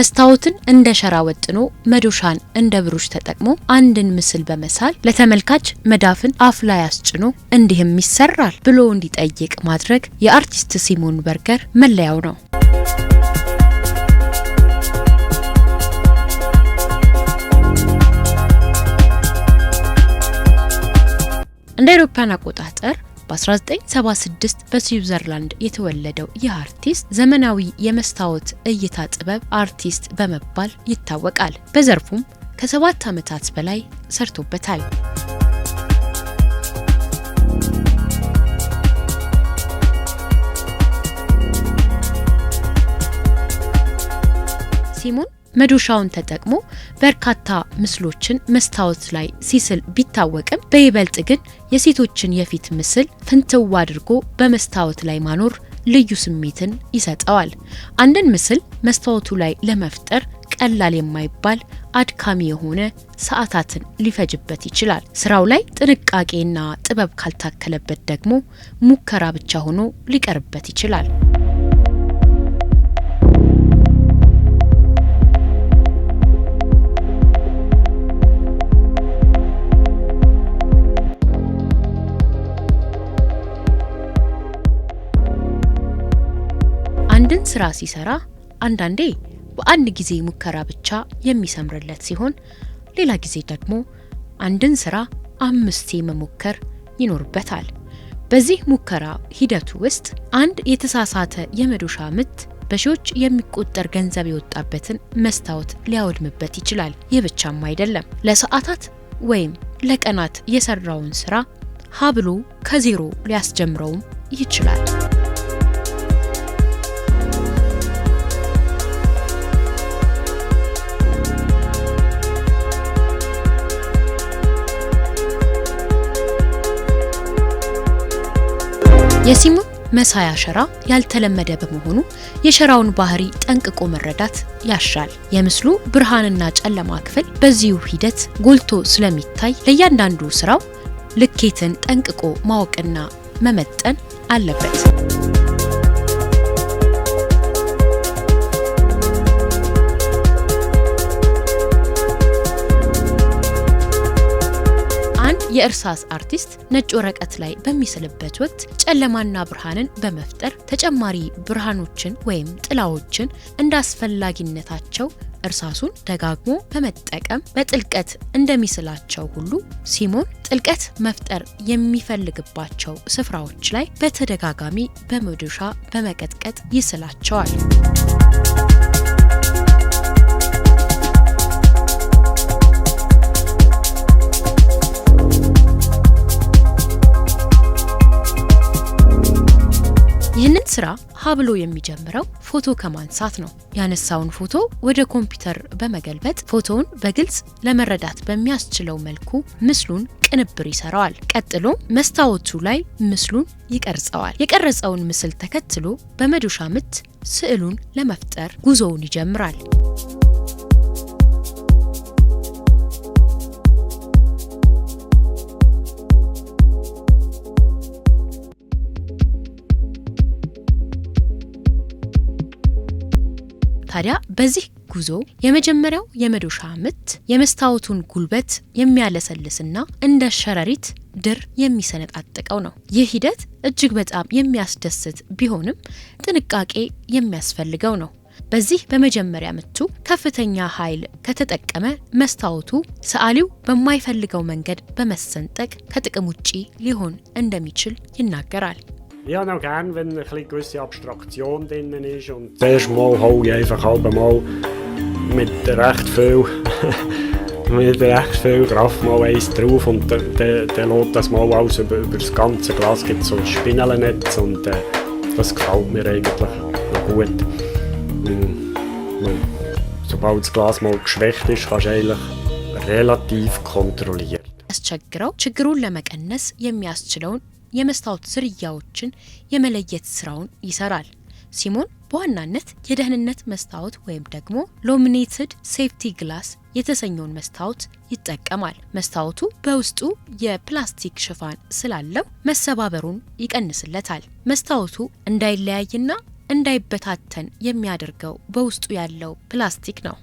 መስታወትን እንደ ሸራ ወጥኖ መዶሻን እንደ ብሩሽ ተጠቅሞ አንድን ምስል በመሳል ለተመልካች መዳፍን አፍ ላይ አስጭኖ እንዲህም ይሰራል ብሎ እንዲጠይቅ ማድረግ የአርቲስት ሲሞን በርገር መለያው ነው። እንደ አውሮፓውያን አቆጣጠር በ1976 በስዊዘርላንድ የተወለደው ይህ አርቲስት ዘመናዊ የመስታወት እይታ ጥበብ አርቲስት በመባል ይታወቃል። በዘርፉም ከሰባት ዓመታት በላይ ሰርቶበታል። ሲሞን መዶሻውን ተጠቅሞ በርካታ ምስሎችን መስታወት ላይ ሲስል ቢታወቅም በይበልጥ ግን የሴቶችን የፊት ምስል ፍንትው አድርጎ በመስታወት ላይ ማኖር ልዩ ስሜትን ይሰጠዋል። አንድን ምስል መስታወቱ ላይ ለመፍጠር ቀላል የማይባል አድካሚ የሆነ ሰዓታትን ሊፈጅበት ይችላል። ስራው ላይ ጥንቃቄና ጥበብ ካልታከለበት ደግሞ ሙከራ ብቻ ሆኖ ሊቀርበት ይችላል። ስራ ሲሰራ አንዳንዴ በአንድ ጊዜ ሙከራ ብቻ የሚሰምርለት ሲሆን፣ ሌላ ጊዜ ደግሞ አንድን ስራ አምስቴ መሞከር ይኖርበታል። በዚህ ሙከራ ሂደቱ ውስጥ አንድ የተሳሳተ የመዶሻ ምት በሺዎች የሚቆጠር ገንዘብ የወጣበትን መስታወት ሊያወድምበት ይችላል። ይህ ብቻም አይደለም። ለሰዓታት ወይም ለቀናት የሰራውን ስራ ሀብሎ ከዜሮ ሊያስጀምረውም ይችላል። የሲሙ መሳያ ሸራ ያልተለመደ በመሆኑ የሸራውን ባህሪ ጠንቅቆ መረዳት ያሻል። የምስሉ ብርሃንና ጨለማ ክፍል በዚሁ ሂደት ጎልቶ ስለሚታይ ለእያንዳንዱ ስራው ልኬትን ጠንቅቆ ማወቅና መመጠን አለበት። የእርሳስ አርቲስት ነጭ ወረቀት ላይ በሚስልበት ወቅት ጨለማና ብርሃንን በመፍጠር ተጨማሪ ብርሃኖችን ወይም ጥላዎችን እንዳስፈላጊነታቸው እርሳሱን ደጋግሞ በመጠቀም በጥልቀት እንደሚስላቸው ሁሉ ሲሞን ጥልቀት መፍጠር የሚፈልግባቸው ስፍራዎች ላይ በተደጋጋሚ በመዶሻ በመቀጥቀጥ ይስላቸዋል። ስራ ሀብሎ የሚጀምረው ፎቶ ከማንሳት ነው። ያነሳውን ፎቶ ወደ ኮምፒውተር በመገልበጥ ፎቶውን በግልጽ ለመረዳት በሚያስችለው መልኩ ምስሉን ቅንብር ይሰራዋል። ቀጥሎም መስታወቱ ላይ ምስሉን ይቀርጸዋል። የቀረጸውን ምስል ተከትሎ በመዶሻ ምት ስዕሉን ለመፍጠር ጉዞውን ይጀምራል። ታዲያ በዚህ ጉዞ የመጀመሪያው የመዶሻ ምት የመስታወቱን ጉልበት የሚያለሰልስና እንደ ሸረሪት ድር የሚሰነጣጥቀው ነው። ይህ ሂደት እጅግ በጣም የሚያስደስት ቢሆንም ጥንቃቄ የሚያስፈልገው ነው። በዚህ በመጀመሪያ ምቱ ከፍተኛ ኃይል ከተጠቀመ መስታወቱ ሰዓሊው በማይፈልገው መንገድ በመሰንጠቅ ከጥቅም ውጪ ሊሆን እንደሚችል ይናገራል። Ich habe auch gerne, wenn eine gewisse Abstraktion drin ist. Und Zuerst mal hole ich einfach halb mal mit recht viel, mit recht viel Kraft mal eins drauf und dann de, de, lässt das mal aus über, über das ganze Glas. Es gibt so ein Spinnelnetz und äh, das gefällt mir eigentlich noch gut. Und, ähm, und sobald das Glas mal geschwächt ist, kannst du eigentlich relativ kontrolliert. አስቸግረው ችግሩን ለመቀነስ የሚያስችለውን የመስታወት ዝርያዎችን የመለየት ስራውን ይሰራል። ሲሞን በዋናነት የደህንነት መስታወት ወይም ደግሞ ሎሚኔትድ ሴፍቲ ግላስ የተሰኘውን መስታወት ይጠቀማል። መስታወቱ በውስጡ የፕላስቲክ ሽፋን ስላለው መሰባበሩን ይቀንስለታል። መስታወቱ እንዳይለያይና እንዳይበታተን የሚያደርገው በውስጡ ያለው ፕላስቲክ ነው።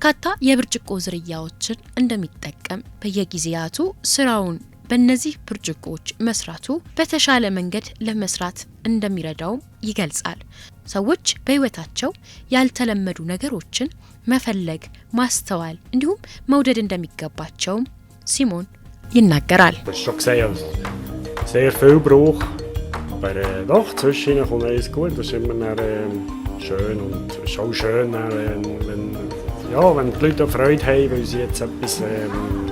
በርካታ የብርጭቆ ዝርያዎችን እንደሚጠቀም በየጊዜያቱ ስራውን በእነዚህ ብርጭቆዎች መስራቱ በተሻለ መንገድ ለመስራት እንደሚረዳውም ይገልጻል። ሰዎች በህይወታቸው ያልተለመዱ ነገሮችን መፈለግ፣ ማስተዋል እንዲሁም መውደድ እንደሚገባቸውም ሲሞን ይናገራል። ja, wenn die Leute Freude haben, weil sie jetzt etwas ähm,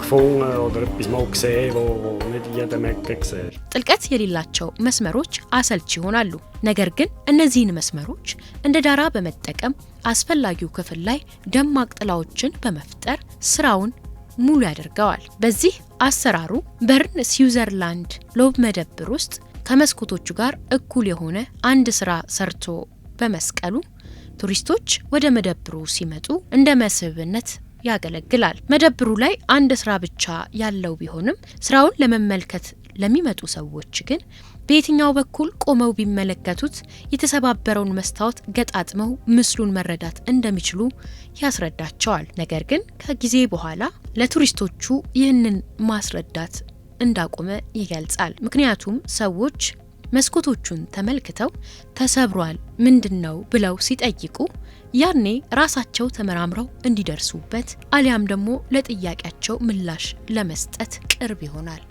gefunden oder etwas mal gesehen, wo, wo nicht jeder Mecke sieht. ጥልቀት የሌላቸው መስመሮች አሰልች ይሆናሉ። ነገር ግን እነዚህን መስመሮች እንደ ዳራ በመጠቀም አስፈላጊው ክፍል ላይ ደማቅ ጥላዎችን በመፍጠር ስራውን ሙሉ ያደርገዋል። በዚህ አሰራሩ በርን ስዊዘርላንድ ሎብ መደብር ውስጥ ከመስኮቶቹ ጋር እኩል የሆነ አንድ ስራ ሰርቶ በመስቀሉ ቱሪስቶች ወደ መደብሩ ሲመጡ እንደ መስህብነት ያገለግላል። መደብሩ ላይ አንድ ስራ ብቻ ያለው ቢሆንም ስራውን ለመመልከት ለሚመጡ ሰዎች ግን በየትኛው በኩል ቆመው ቢመለከቱት የተሰባበረውን መስታወት ገጣጥመው ምስሉን መረዳት እንደሚችሉ ያስረዳቸዋል። ነገር ግን ከጊዜ በኋላ ለቱሪስቶቹ ይህንን ማስረዳት እንዳቆመ ይገልጻል። ምክንያቱም ሰዎች መስኮቶቹን ተመልክተው ተሰብሯል ምንድን ነው ብለው ሲጠይቁ ያኔ ራሳቸው ተመራምረው እንዲደርሱበት አሊያም ደግሞ ለጥያቄያቸው ምላሽ ለመስጠት ቅርብ ይሆናል።